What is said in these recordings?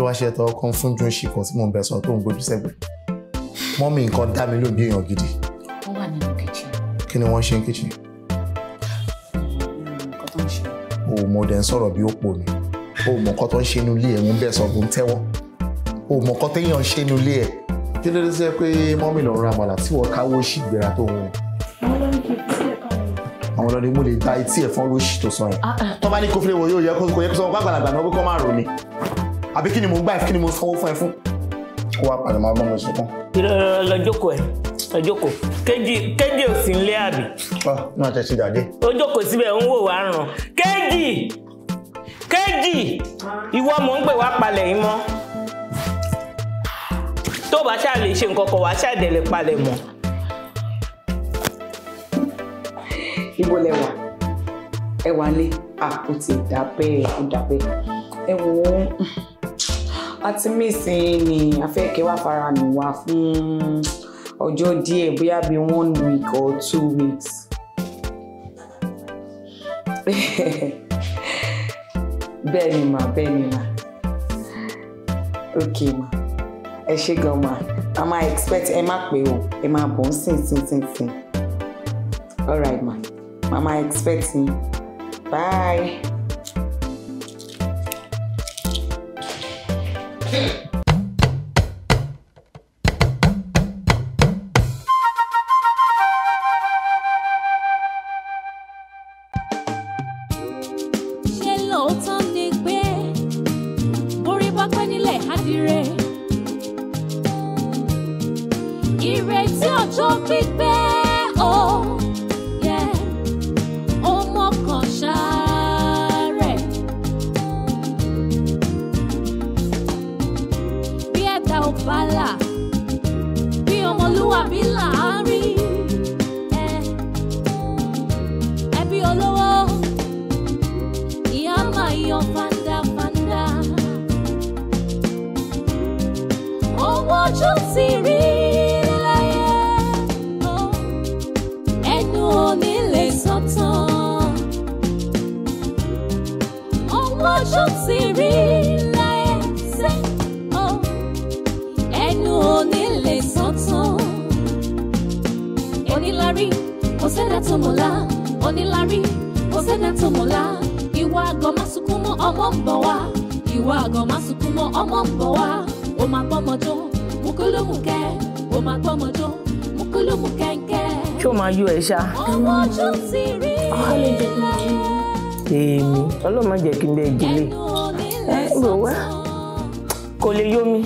ló wá ṣe tọ́ kan fún júnṣì kan tí mò ń bẹ sọ tó ń gbójú sẹ́gbẹ̀ẹ́ mọ́mì nǹkan dá mi lóbi èèyàn gidi. wọ́n wà nínú kìchìn. kí ni wọ́n ṣe hmm, ń kìchìn. o ò mọ̀ dẹ̀ ń sọ̀rọ̀ bí ó pò ní o ò mọ̀ nǹkan tó ń ṣe inú ilé ẹ̀ ń bẹ̀ sọ ló ń tẹ́wọ́ o ò mọ̀ nǹkan téèyàn ń ṣe inú ilé ẹ̀ kí ló dé sẹ́ pé mọ́mì lọ́ọ́ ra àmàlà tí wọ́n káwó sí ìgbéra tó ń wọ̀ àwọn ọlọ́ni mo lè da etí ẹ̀fọn lóṣì tó sọ yẹn ah, ah. tọ́ ní kófílẹ̀ wọ̀ yóò yẹ kó sọ wọn bá gbàlagbà náà wípé kọ́ máa rò ni àbí kí ni mo gbà kí ni mo sanwó fún ẹ fún. kó wàá padà máa bá mi sùn kán. lọ jókòó ẹ lọ jókòó kéjì kéjì ò sí nílé àbí. ọ náà tẹ sí dàdé. ó jókòó síbẹ̀ ń wò wá ràn kéjì kéjì ìwọ mò ń gbé wá palẹ̀ yín mọ́ tó bá ṣáà lè ṣe nǹkan kan wá ṣáà dẹ̀ palẹ̀ mọ́. ibo lẹwà ẹwà ní àpótí ìdábẹ́ ìdábẹ́ ẹ wò ó àti mísìn ni àfẹ́kẹ́ wà farahàn wá fún ọjọ́ díẹ̀ bóyá bí one week or two weeks. bẹ́ẹ̀ ni mà bẹ́ẹ̀ ni mà ok mà ẹ ṣe gan mà a máa expect ẹ má pé o ẹ máa bọ̀ ń sìn sìn sìn sìn alright ma mama expect me bye. Yeah. máa yọ ẹ̀ ṣá. ọmọ ojú ti rí èmi ọlọ́run má jẹ́ kí n bẹ ìdílé ẹ rò wá kò lè yó mi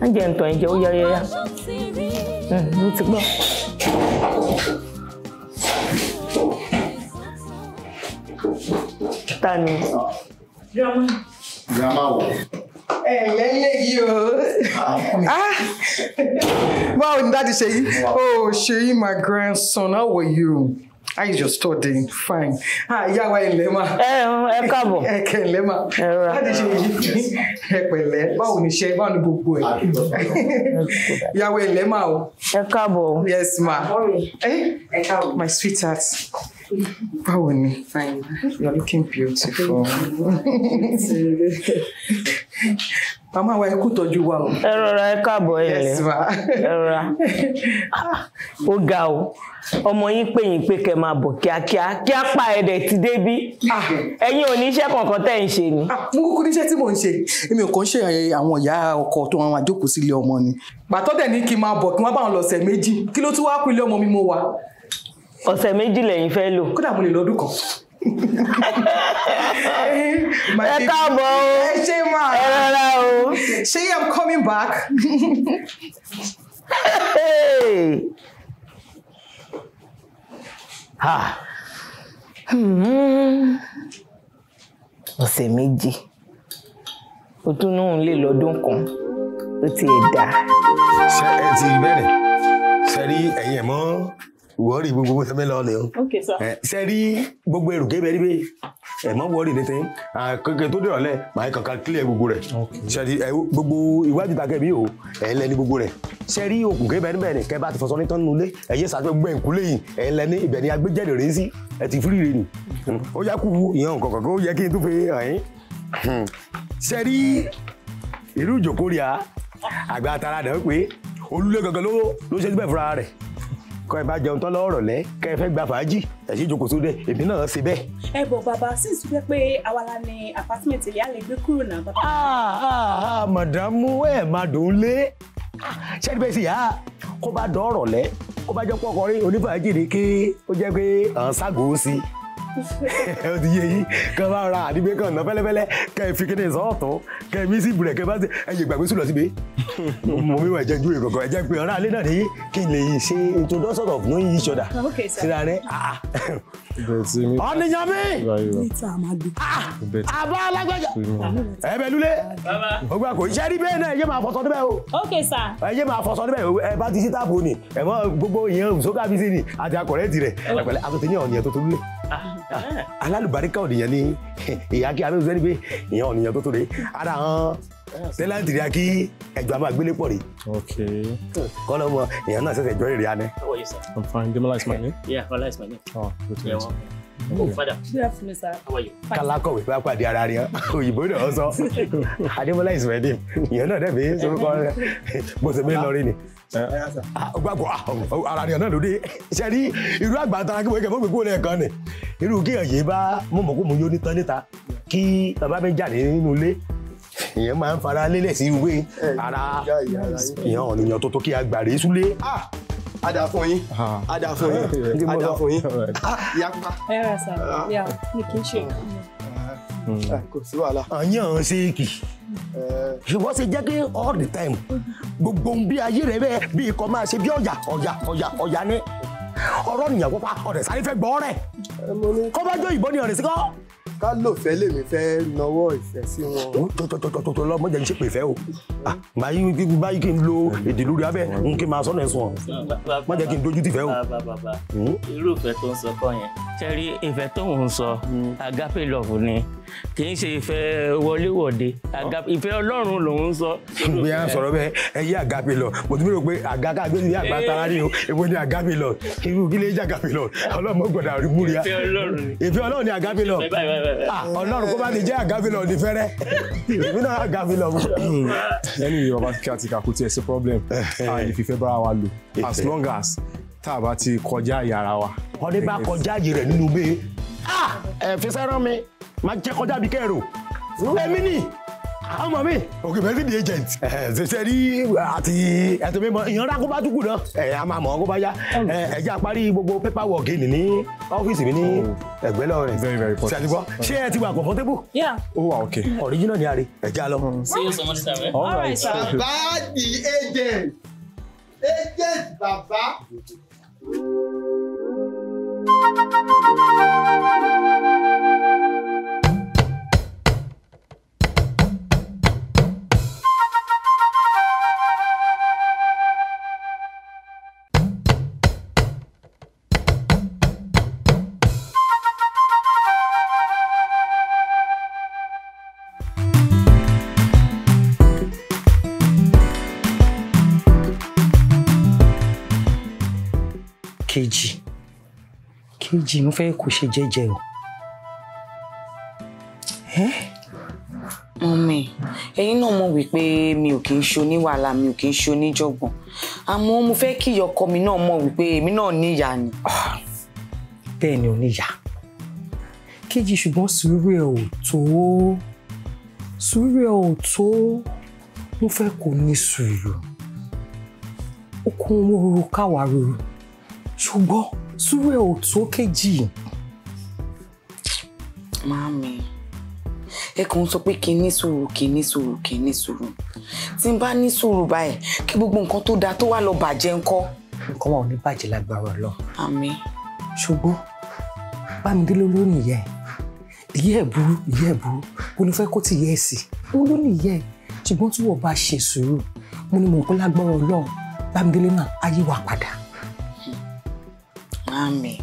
má ntọ́ ẹ̀jẹ̀ ó yáyáyá mo ti gbọ́. ta ni. grandma. grandma wọ ẹ̀lẹ́ léyìí o ah! báwo ni dáàdi ṣe yìí oh ṣeyi my grandson how were you. How is your studying? Fine. Ah, ìyá wa ẹ̀lẹ́ ma. Ẹ ẹ káàbọ̀. Ẹ kẹ ẹ̀lẹ́ ma. Ẹ rà. Láti ṣe yìí ẹ pẹ̀lẹ́. Báwo ni ṣe báwo ni gbogbo ẹ̀? Ìyá wa ẹ̀lẹ́ ma o. Ẹ káàbọ̀. Yes ma. Eh? Ẹ káàbọ̀. My sweetheart. Báwo ni? Fine. You are looking beautiful. Màmá wa ẹ kú tọ́jú wa o. Ẹ rọra ẹ káàbọ̀ ẹ lẹ̀. Ẹ rọra. Ó ga o. Ọmọ yín pè yín pé kẹ́ máa bọ̀ kíákíá. Kí á pa ẹ̀dẹ̀ ti débí. Ah. Ẹ̀yin ò ní iṣẹ́ kankan tẹ́ ń ṣe ni. Ah, mo kúkú níṣẹ́ tí mò ń ṣe. Èmi ò kàn ń ṣe eh, àwọn ìyá ọkọ tó wọn àjókòó sílé ọmọ ni. Bàtọ́ dẹ̀ ní kí n máa bọ̀ kí wọ́n bá wọn lọ̀sẹ̀ méjì. Kí ló tún wá kú ọmọ mi mo wà? ọ̀sẹ̀ méjì lẹ́yìn fẹ́ lò. kódà mo lè lọ ọdún kan. ẹ káàbọ̀ o ẹ ṣe máa ẹ rárá o. ṣé i am coming back. ọ̀sẹ̀ méjì o tún náà lè lọ́dún kan ó ti ẹ̀ dá. ṣé ẹ ti bẹ̀rẹ̀ ṣe rí ẹ̀yẹ̀ mọ́ wọ́ọ̀rì gbogbo bó ṣe ni o. ok sir. ṣe rí gbogbo èrò kébẹ̀ rí bẹ́ẹ̀ ẹ̀ mọ́ wọ́ọ̀rì ní tẹ́yìn kankan tó dẹ̀rọ̀ lẹ̀ máa kankan clear gbogbo rẹ̀ ṣe rí gbogbo ìwádìí ta kẹ́bi o ẹ̀ ń lẹ ní gbogbo rẹ̀ ṣe rí okùn kébẹ̀ níbẹ̀ ni kẹ́ bá ti fọṣọ ní tọ́nu lé ẹ̀yẹ sàgbẹ́ gbẹ̀ nkúlé yìí ẹ̀ ń lẹ ní ibẹ̀ ni agbẹ́jẹ̀dẹ̀ rẹ̀ sí ẹ̀ ti fúri rẹ̀ nì ó yá kú ìyẹn kọ̀ọ̀kan kó yẹ kí n tó fi hàn yín hmm. ṣe rí irú ìjòkó rí a àgbà tara dẹ̀ pé kọ́ ẹ bá jẹun tán lọ́rọ̀ lẹ́ kẹ́ ẹ fẹ́ gba fàájì ẹ sì jókòó sódẹ̀ èmi náà ṣe bẹ́ẹ̀. ẹ bọ̀ bàbá sísú pé pé awala ni apartment ìyá lè gbé kúrò náà bàbá. Ah, ah, ah, màdàmú ẹ̀ máa dùn lé ṣẹ́ni bẹ́ẹ̀ sì yá kó bá dọ́rọ̀ lẹ́ kó bá jẹ́ pọ́kọrin onífàájì ni kí ó jẹ́ pé à ń sí i ẹ ti yé yín kàn bá ra àdìgbé kàn ná fẹ́lẹ́fẹ́lẹ́ kàn fi kéde sọ́ọ̀tún kàn mí sí ìbúrẹ̀ kàn bá ṣe ẹ̀yẹ ìgbàgbé sùn lọ síbi mo mi wà ẹ̀jẹ̀ ju èrò kan ẹ̀jẹ̀ pé ọ̀rá alẹ́ náà ní kí n lè ṣe introduction of no each ni? síra rẹ̀ ah, ah. ọ̀nìyàn mi ah, àbá alágbájá ẹ̀bẹ̀ lulẹ̀ ó gbà kó iṣẹ́ rí bẹ́ẹ̀ náà ẹ̀yẹ́ máa fọṣọ níbẹ̀ o ẹ̀yẹ́ máa fọṣọ níbẹ̀ ẹ bá ti sí táàbù ni ẹ̀mọ́ gbogbo ìyẹn òṣókà bíi sí ni àti akọ̀rẹ́ tirẹ̀ àgbẹ̀lẹ̀ àtúntì ní ọ̀nìyàn tó tó lulẹ̀. Eh. alálùbáríkà ònìyàn ni ìyá kí abẹ́rẹ́ sẹ́ni pé ìyẹn ònìyàn tó tó de ara hàn tẹ́láǹtì ríà kí ẹ̀jọ̀ àmọ́ àgbélé pọ̀ rí. kọ́ ló mọ ìyẹn náà ṣẹ̀ṣẹ̀ jọ́ ìrìà ni. I'm fine. Demola is my name. Yeah, Demola is my name. Oh, good to meet you. Oh, father. Good afternoon, How are you? Kala kọ̀wé bá pàdé ara rẹ̀ òyìnbó náà sọ. Adémọ́lá is my name. Ìyẹn náà dẹ̀bi sọ́kọ́ rẹ̀. Bó ṣe mi lọ rí ni. Eh? Ah, gbàgbọ́ ah, ara rẹ̀ náà ló dé. Ṣé rí irú àgbà tara kí wọ́n kẹ́ fún gbogbo rẹ̀ kan irú kéèyàn yìí bá mọ̀mọ́kùmọ̀ yóò ní tán níta kí bàbá mi jáde nínú ilé èèyàn máa ń fara lélẹ̀ sí ìwé ara èèyàn ọ̀nìyàn tó tó kí agbàre súlé. Ada ah, fún yín, ada fún yín, ada fún yín, ah, ìyá pupa. Ẹ rà sá, ah. ìyá mi kì í ṣe hmm. eh, kò sí wàhálà. àyàn ṣe é kì eh. ṣùgbọ́n ṣe jẹ́ kí all the time gbogbo bí ayé rẹ̀ bẹ́ẹ̀ bí ikọ̀ máa ṣe bí ọ̀yà ọ̀yà ọ̀yà ọ̀yà ni ọ̀rọ̀ nìyàwó pa ọ̀rẹ́ fẹ́ gbọ́ rẹ̀ kọ́ ìbọn ni ọ̀rẹ́ kọ́ ká lòfẹ́ lèmi fẹ́ nawọ́ ìfẹ́ sí wọn. tọ́tọ́tọ́tọ́ lọ mọ̀jẹ̀ ṣe pè fẹ́ o hmm. ah, báyìí kí n lo hmm. èdè lórí abẹ́ hmm. n kí n máa sọ́nà ẹ̀sùn mọ̀jẹ̀ kí n dojú tìfẹ́ o. irúfẹ́ tó ń sọ kọ́ yẹn tẹ́rí ìfẹ́ tó ń sọ agape love ni kì í ṣe ìfẹ́ wọléwọ̀de ìfẹ́ ọlọ́run lòún sọ. bí a sọ̀rọ̀ bẹ́ẹ̀ ẹ yí agape love mo ti mérò pé àgàkà gbé ní àgbà tara ní o èwo ni agape love irú kí lè jẹ́ agape love ọlọ́mọ gbọ́dọ̀ àrí búrẹ́à ìfẹ́ ọlọ́run ni agape love. Ah, ọlọ́run kó bá ní jẹ́ àgáfilọ̀ ní fẹ́rẹ́ èmi náà àgáfilọ̀ mu. ẹni ìyọ̀ bá kí àti kàkó tiẹ̀ sí problem àyè eh, eh. fífẹ́ wa lò as long as tá a bá ti kọjá àyè ara wa. ọdẹ bá kọjá àyè rẹ nínú bẹ́ẹ̀ ah, ẹ fi sẹ́ràn mi máa jẹ́ kọjá bí kẹ́rù èmi ni. Ah, ọmọ mi. òkè bẹ́ẹ̀ sì di agent. Eh, eh, ṣẹṣẹ rí àti ẹ̀tọ́ mi mọ ìyẹn rákó bá dúkù náà ẹ̀ eh, a máa mọ̀ ọ́ kó bá yá ẹ̀ jẹ́ àparí gbogbo pépà wọ̀ gé ní ọ́fíìsì mi ní oh. ẹ̀gbẹ́ lọ rẹ̀. very very important. ṣàtìgbọ́ ṣé ẹ ti wà comfortable. yeah. ó wà ok. Hmm. original ni a rí ẹ̀ já lọ. Hmm. see you so much sir. all right sir. bàbá di agent agent bàbá. Thank you. kejì kejì mo fẹ́ kó ṣe jẹ́jẹ́ o. mọ̀mí ẹ̀yin náà mọ̀ wípé mi ò kì í ṣe oníwàhálà mi ò kì í ṣe oníjọ̀gbọ̀n àmọ́ mo fẹ́ kí ìyọkọ mi náà mọ̀ wípé èmi náà níyà ni. Ah, bẹ́ẹ̀ ni ò níyà kejì ṣùgbọ́n sùúrù ẹ̀ ò tó sùúrù ẹ̀ ò tó mo fẹ́ kó ní sùúrù ó kún owó ruru káwa ṣùgbọ́n sùúrù ẹ̀ ò tó kejì. Màámi, ẹ kàn ń sọ pé kí n ní sùúrù kí n ní sùúrù kí n ní sùúrù. Tí n bá ní sùúrù báyìí, kí gbogbo nǹkan tó dáa tó wà lọ bàjẹ́ ńkọ́. Nǹkan wa ò ní bàjẹ́ lágbára Ọlọ́run. Àmín. Ṣùgbọ́n Bámidélé ló nìyẹn. Ìyá ẹ̀ burú, ìyá ẹ̀ burú. Mo ní fẹ́ kó ti yẹ ẹ̀ sí. Ó ló nìyẹn. Ṣùgbọ́n tí wọ́n bá ṣe sùúrù, mo ní mò ń lágbára Ọlọ́run. Bámidélé náà á yí padà. Bàámi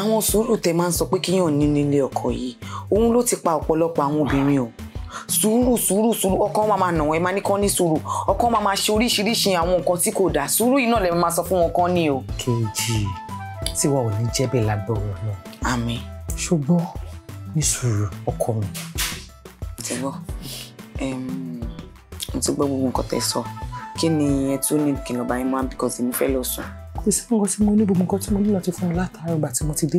àwọn sùúrù tẹ máa ń sọ pé kíyàn ní nílé ọkọ yìí òun ló ti pa ọ̀pọ̀lọpọ̀ àwọn obìnrin o sùúrù sùúrù sùúrù ọkọ máa máa nà wọn ẹ máa ní kán ní sùúrù ọkọ máa máa ṣe oríṣiríṣi àwọn nǹkan tí kò dáa sùúrù yìí náà lè máa sọ fún wọn kán ní o. kejì tí wọn ò ní jẹ́bẹ̀ lágbọ̀rọ̀ náà. àmín. ṣùgbọ́n ní sùúrù ọkọ mi. ti gbọ́ mo ti gbọ́ gbogbo nǹkan tẹ sọ kí ni ẹ tún ní kí n lọ bá yín mọ́ because èmi fẹ́ lọ sùn kò sí nǹkan tí mo ní gbogbo nǹkan tí mo ní láti fún un látàárọ̀ ìgbà tí mo ti dé.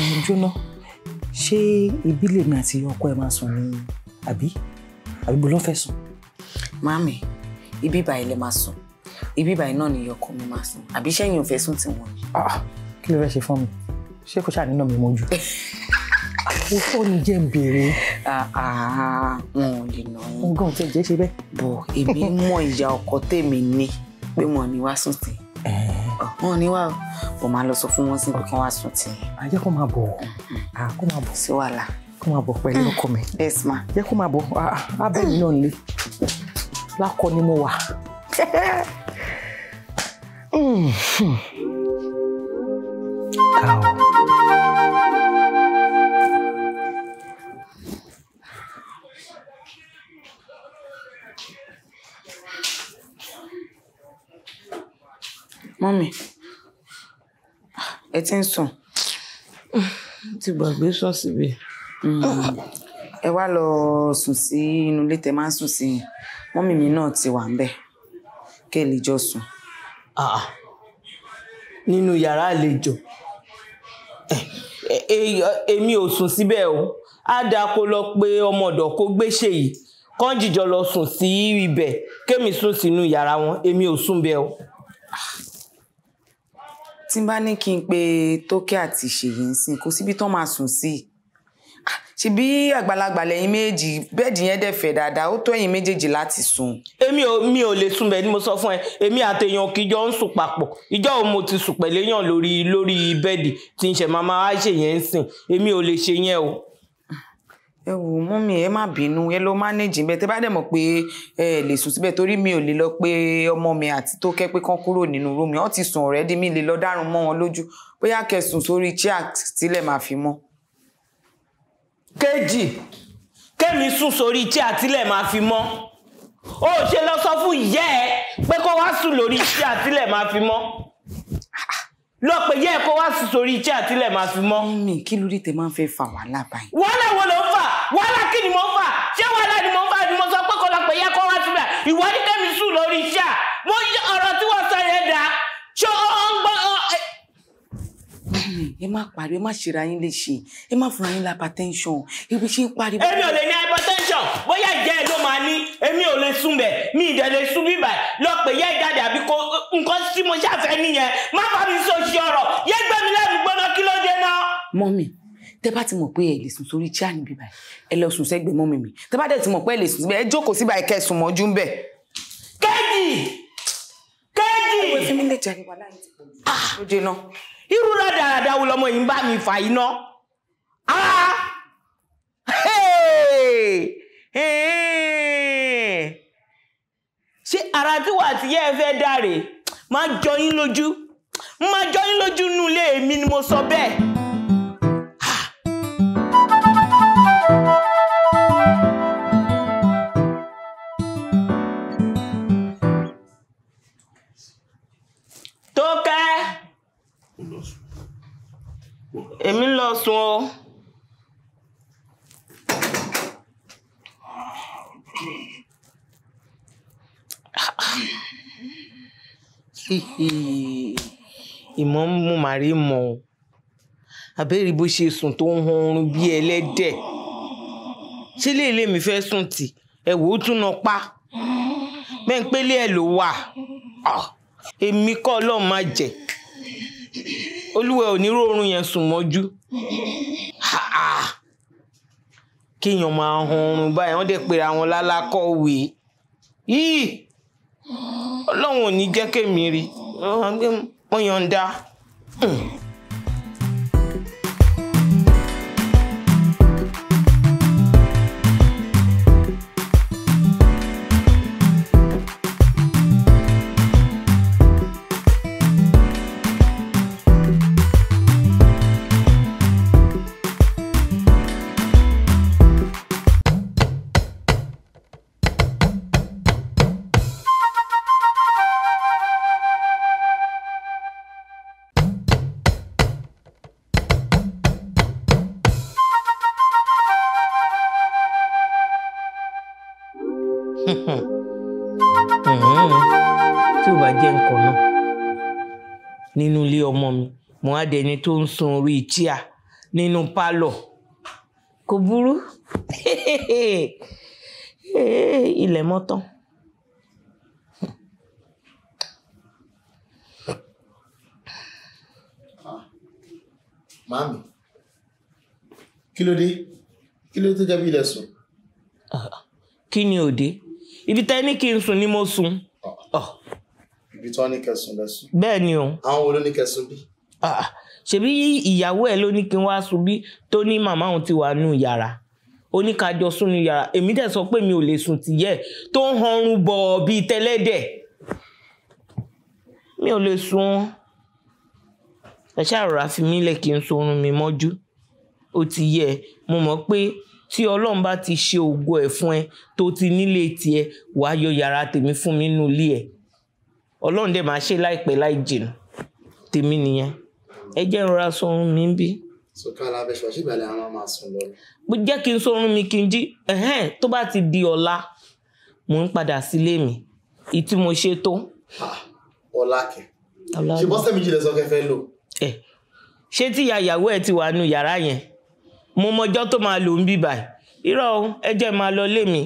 ẹ̀yin jóná ṣé ìbílẹ̀ mi àti ọkọ ẹ̀ máa sùn ni àbí àdúgbò ló fẹ́ sùn. màámi ibi ìbàyí lè máa sùn ibi ìbàyí náà ni ọkọ mi máa sùn àbí sẹ́yìn ò fẹ́ sùn tí wọ́n. Ah, kí ló fẹ́ ṣe fún mi ṣé kò ṣàníná mi mọ́jú. mo fọ́ ni jẹ́ ń béèrè. Ah, ah, wọn ò lè nà án. nǹkan ò tẹ̀ jẹ́ ṣe bẹ́ẹ̀. bọ̀ èmi mọ ìyá ọkọ tèmi ni pé wọn ní wá sùn tì wọn ní wá bọ̀ máa lọ sọ fún wọn sí pé kán wá sùn tì. àjẹ́ kó máa bọ̀ mm-hmm. kó máa bọ̀ sí wàhálà kó máa bọ̀ pẹ̀lú ọkọ mi. Mm-hmm. yes ma. jẹ́ kó máa bọ̀ abẹ́ mi náà lé lákọ ni mo wà. Mm-hmm. Hmm. Ow. Mummy, ẹ ti ń sùn. Ti gbàgbé ṣọ́ọ̀ṣì bí. Ẹ wá lọ sùn sí inú ilé tẹ máa ń sùn sí yẹn. Mummy mi náà ti wà ńbẹ̀. Kẹ́ ẹ lè jọ sùn. Ah, nínú yàrá àlejò. Eh, eh, eh, èmi ò sùn síbẹ̀ o. Á dáa kó lọ pé ọmọ ọ̀dọ̀ kó gbéṣẹ́ yìí kán jìjọ lọ sùn sí ibẹ̀ kémi sùn sínú yàrá wọn èmi ò sùn bẹ́ẹ̀ o tí n bá ní kí n pe tókè àti ṣèyí ń sìn kó síbi tán máa sùn sí i ṣe bí àgbàlagbà lẹ́yìn méjì bẹ́ẹ̀dì yẹn dẹ̀ fẹ̀ dáadáa ó tó ẹ̀yin méjèèjì láti sùn. èmi ò mi ò lè sùn ni mo sọ fún ẹ èmi àtẹ̀yàn kì í jọ ń sùn papọ̀ ìjọ òun mo ti sùn pẹ̀lẹ́yàn lórí lórí bẹ́ẹ̀dì tí n ṣe máa máa ṣe yẹn ń sìn èmi ò lè ṣe yẹn o ẹ wò mọ́mì ẹ má bínú ẹ lọ manage bẹ́ẹ̀ tẹ́ bá dẹ̀ mọ̀ pé ẹ lè sùn síbẹ̀ torí mi ò lè lọ pé ọmọ mi àti tó kẹ́ pé kán kúrò nínú rúmi ọ́ ti sùn ọ̀rẹ́dì mi lè lọ dárun mọ́ wọn lójú bóyá kẹsùn sórí chair tílẹ̀ máa fi mọ́. kejì kẹ́mi sùn sórí chair tílẹ̀ máa fi mọ́ ó ṣe lọ sọ fún ìyá ẹ pé kó wá sùn lórí chair tílẹ̀ máa fi mọ́ lọ pè yẹ kó wá sórí iṣẹ́ àtìlẹ̀ máa fi mọ́. mi kí ló dé tẹ máa ń fẹ́ fa wàhálà báyìí. wàhálà wo ló ń fà wàhálà kí ni mo ń fà ṣé wàhálà ni mo ń fà ni mo sọ pé kó yẹ kó wá síbẹ̀ ìwọ ní ẹ má pariwo ẹ má ṣera yín léṣe ẹ má fúnra yín hypertension ibi ṣe ń pariwo. èmi ò lè ní hypertension bóyá ìjẹ́ ẹ ló máa ní èmi ò lè sùn bẹ̀ mi ìdẹ̀ lè sùn bíbà lọ pé yẹ́ ìjáde àbí kó nǹkan tí mo ṣàfẹ́ nìyẹn má bá mi sọ ṣe ọ̀rọ̀ yẹ́ gbé mi lẹ́nu gbọ́dọ̀ kí ló dé náà. mọ́mì tẹ bá ti mọ̀ pé ẹ lè sùn sórí chair níbí báyìí ẹ lọ sùn sẹ́gbẹ̀ mọ́mì mi tẹ bá dẹ̀ ti mọ̀ pé ẹ lè sùn síbẹ̀ ẹ jókòó síbẹ̀ irúra dáradára lọmọ yìí ń bá mi fà iná ah ṣé ara tí wà tí yẹ́ ẹ fẹ́ dáre máa jọ yín lójú máa jọ yín lójú nulẹ̀ èmi ni mo sọ bẹ́ẹ̀. èmi ń lọ sùn o. ìmọ̀ ń mú màrí mọ̀ ọ́ àbẹ́rẹ́ bó ṣe sùn tó ń hun oorun bíi ẹlẹ́dẹ̀ ṣé léèlé mi fẹ́ sùn tì ẹ̀wò ó tún nà pa bẹ́ẹ̀ ń pélé ẹ̀ ló wà ah! èmi kọ́ ọlọ́run má jẹ́ olúwa ò ní rọrùn yẹn sùn mọ́jú kéèyàn máa hun oorun báyìí wọ́n dẹ̀ pera wọn lálákọ̀wé yìí ọlọ́run ò ní jẹ́ kémi rí wọ́n yàn ń dá. ọmọ mi mo á dẹni tó ń sun orí tíà nínú pálọ̀ kò burú ilẹ̀ mọ́tán. Màámi, kí ló dé? Kí ló dé tó jẹ́ bí ilẹ̀ sùn? Ah, kí ni òde? Ibi tẹ́ ní kí n sùn ni mo sùn. Ah. Ah ibi tí wọ́n ní kẹsùn lẹ́sùn. bẹ́ẹ̀ ni o. àwọn wo ló ní kẹsùn bí. ṣebí ìyàwó ẹ̀ ló ní kí n wá sùn bí tó ní màmá òun ti wà nù yàrá ó ní ká jọ sùn nù yàrá èmi dẹ̀ sọ pé mi ò lè sùn tìyẹ́ tó ń hanrun bọ̀ bíi tẹ́lẹ́dẹ̀ mi ò lè sùn ẹ ṣàròrà fi mí lẹ̀ kí n sorun mi mọ́jú ó ti yẹ mo mọ̀ pé tí ọlọ́run bá ti ṣe ògo ẹ̀ fún ẹ tó ti nílé tiẹ̀ wàá yọ yàrá tèmi fún mi nínú ilé ẹ̀ ọlọ́run dẹ̀ máa ṣe láìpẹ́ láì jìnnà tèmi nìyẹn ẹ jẹ́ ń rọra sọ ohun mi ń bí. sọkàlà abẹ́sọ̀ sígbàlẹ̀ àwọn máa sùn lọ. mo jẹ́ kí n sọrun mi kí n jí tó bá ti di ọ̀la mo ń padà sílé mi èyí tí mo ṣe tó. ọ̀la kẹ̀ ṣe bọ́sẹ̀ méjì lẹ́sọ̀ kẹfẹ́ lò. ẹ ṣé tí ìyàwó ẹ ti wà nù yàrá yẹn mo mọjọ́ tó máa lò ń bíbà irọ́ ẹ jẹ́ máa lọ lé mi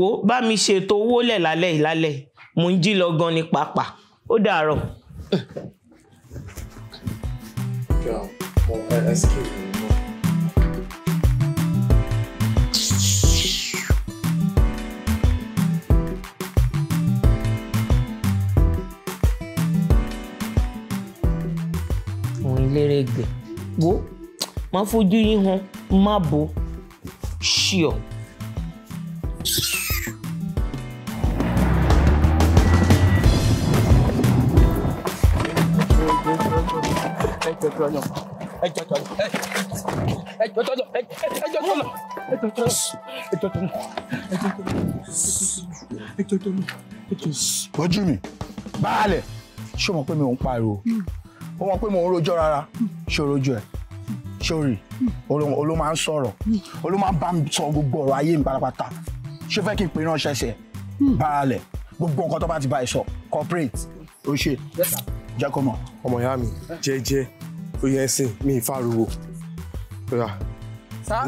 wò bá mi ṣètò owó lẹ̀ lálẹ́ ìlálẹ́ mò ń jí lọ gan ni pàápàá ó dàárọ̀. excuse me. lérègbè wo máa fojú yín hàn má bo ṣíọ. jọ yàn ẹ jọ tọ lọ ẹ jọ tọ lọ ẹ jọ tọ lọ ẹ jọ tọ lọ ẹ jọ tọ lọ ẹ jọ tọ lọ ẹ jọ tọ lọ ẹ jọ tọ lọ. ojú mi baálẹ̀ ṣé o mọ̀ pé mi ò ń pariwo hmm. o mọ̀ pé mo ń rojọ́ rárá hmm. ṣé o rojú ẹ̀ ṣé o rí hmm. olú máa ń sọ̀rọ̀ olú máa ń bá mi sọ gbogbo ọ̀rọ̀ ayé mi pátápátá ṣé fẹ́ kí n pè é ránṣẹ́ sí ẹ gbogbo nǹkan tó bá ti bá ẹ sọ corporate o ṣe jẹ́ kó ọmọ ìyá mi jẹ́jẹ́ ó yẹ ẹsìn mi ìfariwo rà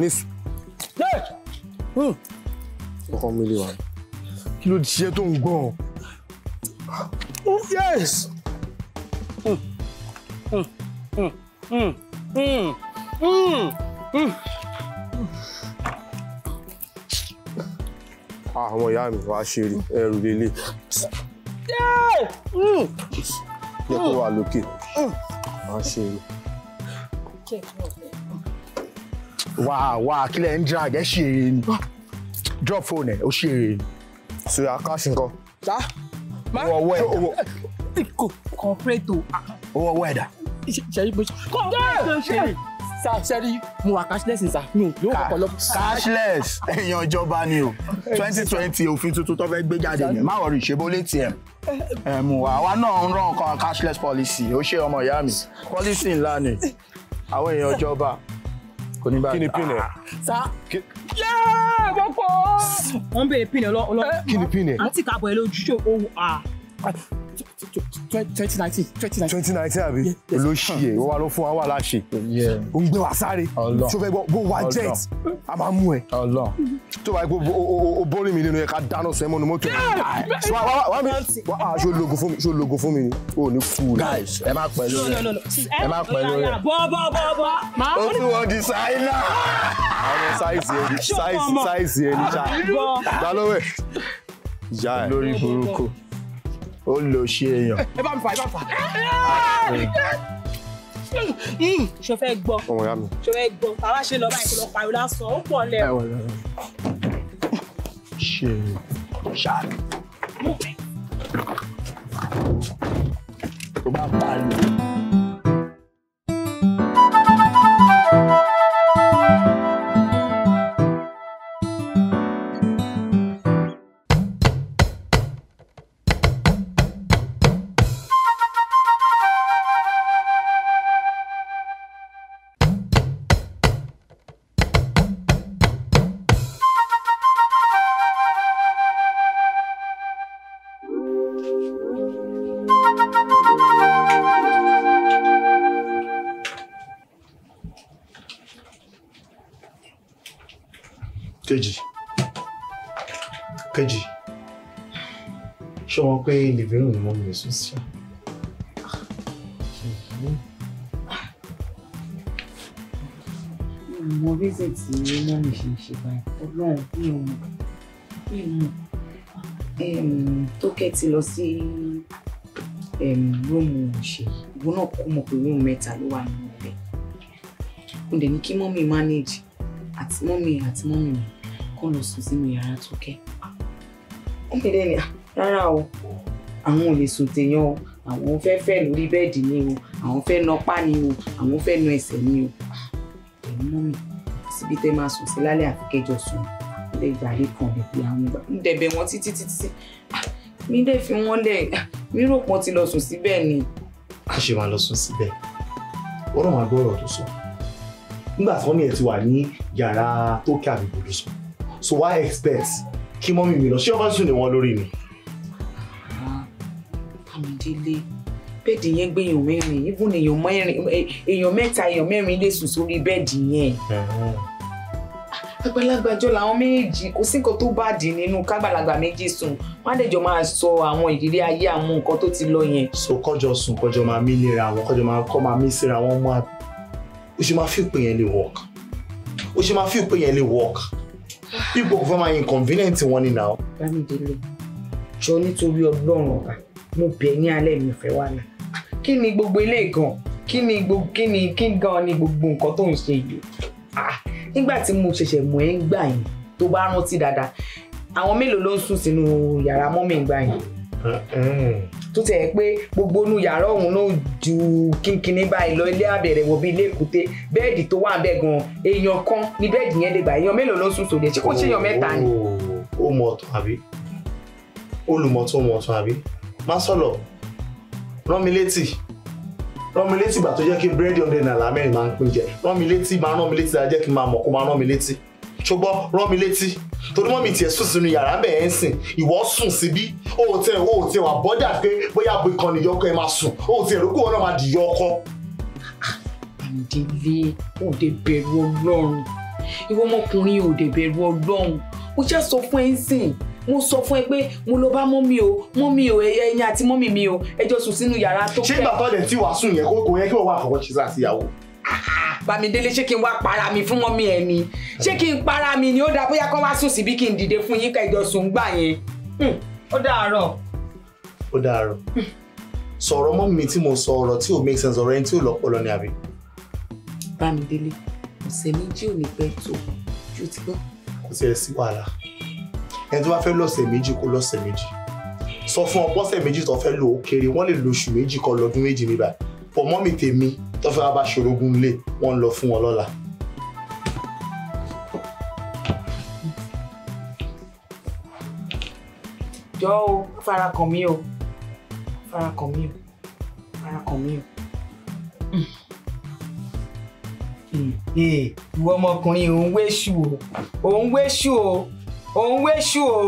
ní sùn. Hmm. ọkọ mi lè wà kí ló di ṣe tó ń gbọ̀n yes. Mm. Mm. Mm. Mm. Mm. Mm. Mm. àwọn ìyá mi wàá ṣe rí ẹrù lélẹ̀. yẹ hmm. kó hmm. wà lókè wàá ṣe rí wà wà kí lẹ ń drag ẹ ṣe èrè ni drop phone ẹ ó ṣe èrè ni. suya káàsì nǹkan. ta máa wọ ọwọ́ ẹ kò kọ̀ọ̀pẹ́tò. owó ọwọ́ ẹ dà. bó ṣe kọ̀ọ̀pẹ́tò ṣe é sa sẹ́rí mo wa cashless sa mi ò yóò kọ̀kọ̀ lọ. cashless èèyàn ìjọba ni o twenty twenty òfin tuntun tó fẹ́ gbé jáde yẹn má wọrí ìṣebó létí ẹ̀ ẹ̀ mú wa àwa náà ń rán nǹkan cashless policy ó ṣe ọmọ ìyá mi policy ńlá ni àwọn èèyàn ìjọba kò ní bá kí ni pin ẹ. sa yẹ́ẹ̀ bọ́pọ̀. wọ́n ń bèèrè pin ẹ lọ́wọ́. kí ni pin ẹ. àǹtí kàbọ̀ ẹ lójú ṣòwò twenty nineteen twenty nineteen. twenty nineteen àbí olóṣì ẹ̀ wà ló fún wa wà láṣẹ. ò ń gbé wa sáré tó fẹ́ gbọ́ bó wa jet a máa mú ẹ. tó bá yẹ kó o bórí mi nínú yẹ ká dáná sọ ẹ mọ́nu mọ́tò ẹ̀. ṣé wàá mi ṣé ológun fún mi ṣé ológun fún mi ni o ní kú rẹ. ẹ má pẹ́ lórí ẹ ẹ má pẹ́ lórí ẹ. bọ́ bọ́ bọ́ bọ́. ó tún wọ́n di sáínà. àwọn sáìsì ẹni sáìsì ẹni ṣá. gbà lọ́wọ́ ẹ̀ ìyá ẹ̀ lórí burúkú ó lò ṣe èèyàn. ẹ bá mi fà ẹ bá mi fà. Hmm, ṣo fẹ́ gbọ́ ṣo fẹ́ gbọ́ bàbá ṣe lọ báyìí lọ pariwo lásán ó pọ̀ lẹ́ o. ṣe ṣáà. tó bá pariwo. kejì kejì ṣé wọn pé liviru ni mo lè sùn sí ṣá. mo visit tí wọ́n mi ṣe ń ṣe báyìí ọlọ́run mi ò mọ̀ mi ò mọ̀ tó kẹ́tì lọ sí róòmù ṣe ìwọ náà kó mọ̀ pé róòmù mẹ́ta ló wà nínú ilé mo dẹ̀ ní kí mọ́mì manage àti mọ́mì àti mọ́mì mi kọ́ lọ sùn sínú yàrá tó kẹ́. ó kéde ni rárá o àwọn ò lè sùn tèèyàn o àwọn fẹ́ fẹ́ lórí bẹ́ẹ̀dì ni o àwọn fẹ́ na pa ni o àwọn fẹ́ na ẹsẹ̀ ni o. ẹ̀mí mọ́ mi síbi tẹ́ máa sùn sí lálẹ́ àfi kẹjọ sùn lè gbà lè kàn lè pe àwọn ìgbà ń dẹ̀bẹ̀ wọn títí títí ah, mi dẹ̀ fi wọ́n lẹ̀ ah, mi rò pọ́n ti lọ sùn síbẹ̀ ni. a ṣe máa lọ sùn síbẹ̀ ó rọ̀ wọn gbọ́ ọ̀rọ̀ tó sọ nígbà tí wọ́n ní ẹ̀ ti wà ní yàrá tó kí àbíbò ló sọ so why expect kí mọ́mí mi lọ ṣé ọba sùn lè wọ́n lórí mi. Bámidélé bẹ́ẹ̀dì yẹn gbé èèyàn mẹ́rin even eh, èèyàn mẹ́ta èèyàn mẹ́rin lè sùn sórí bẹ́ẹ̀dì yẹn. àgbàlagbàjọ làwọn méjì kò sí nǹkan tó bá dì nínú kágbàlagbà méjì sùn wọn á dẹjọ máa sọ àwọn ìrírí ayé àwọn nǹkan tó ti lọ yẹn. so kọjọ sùn kọjọ máa mí lera wọn kọjọ máa kọ máa mí síra wọn máa ó ṣe máa fi ìpè yẹn lè work ó ṣe máa fi ìpè yẹn lè work pípọ̀ kò fẹ́ máa inconvenient wọn ni náà. bámidélé jọ nítorí ọlọ́run ọba mo bẹ̀ ní alẹ́ mi fẹ́ wà náà kí ni gbogbo ilé gan kí ni gbogbo kí ni kí gan ni gbogbo nǹkan tó ń ṣe yìí ah, nígbà tí mo ṣẹ̀ṣẹ̀ mọ̀ ẹ́ ń gbà yín tó bá rántí dáadáa àwọn mélòó ló ń sùn sínú yàrá mọ́mì ń yín. Eh, eh tó ti ẹ̀ pé gbogbo inú yàrá ọ̀hún ló ju kínkínní báyìí lọ ilé àbẹ̀rẹ̀ wọ bí ilé èkúté bẹ́ẹ̀dì tó wà bẹ́ẹ̀ gan èèyàn kan ní bẹ́ẹ̀dì yẹn lè gbà èèyàn mélòó ló ń sùn sòdè tí kò ṣèèyàn mẹ́ta ni. ó mọ ọ̀tún àbí olùmọ̀tún mọ̀tún àbí má sọ̀lọ̀ rán mi létí rán mi létí ìgbà tó jẹ́ kí búrẹ́dì ọ̀dẹ̀ nàlá mẹ́rin máa ń pín jẹ rán mi létí máa rán mi létí dáa jẹ́ kí n máa mọ̀ kó máa rán mi létí ṣùgbọ́n rán mi létí torí mọ́mì tiẹ̀ sùn sínú yàrá bẹ́ẹ̀ ń sìn ìwọ sùn síbí o ò wà bọ́dà pé bóyá bo ìkànnì ìyọkọ ẹ máa sùn o ìrókò wọn náà máa dìyọ ọkọ. àǹdílé ò bẹ̀rù ọlọ́run ìwọ ọmọkùnrin ò bẹ̀rù ọlọ́run ó já sọ fún ẹ ń sìn mo sọ fún ẹ pé mo lọ bá mọ́mí o mọ́mí o ẹyin àti mọ́mí mi o ẹjọ́ sùn sínú yàrá tó fẹ́. ṣé ìgbà tó Bámidélé ṣé kí n wá para mi fún mọ́mí ẹ ni ṣé kí n para mi ni ó dáa bóyá kán wá sùn síbí kí n dìde fún yín kẹjọ sùn gbà yẹn hmm. ó dàárọ̀. ó dàárọ̀ sọ̀rọ̀ mọ́ mi tí mo sọ ọ̀rọ̀ tí ò make sense ọ̀rọ̀ ẹni tí ò lọ́pọlọ ni àbí. Bámidélé ọ̀sẹ̀ méjì ò ní pẹ́ tó ju ti gbọ́. kò tiẹ̀ sí wàhálà ẹni tó bá fẹ́ lọ́sẹ̀ méjì kó lọ́sẹ̀ méjì sọ fún ọ pọ́sẹ̀ méjì tó fẹ́ lò ó kéré wọ́n lè lo oṣù méjì kan lọ́dún méjì mi báyìí pọ̀ mọ́mì tèmi tó fẹ́ wá bá ṣorogún lé wọ́n ń lọ fún wọn lọ́la. jọ o farakàn mi o farakàn mi o farakàn mi o. Hmm. Hmm. ìwọ ọmọkùnrin òun wéṣù o òun wéṣù o òun wéṣù o.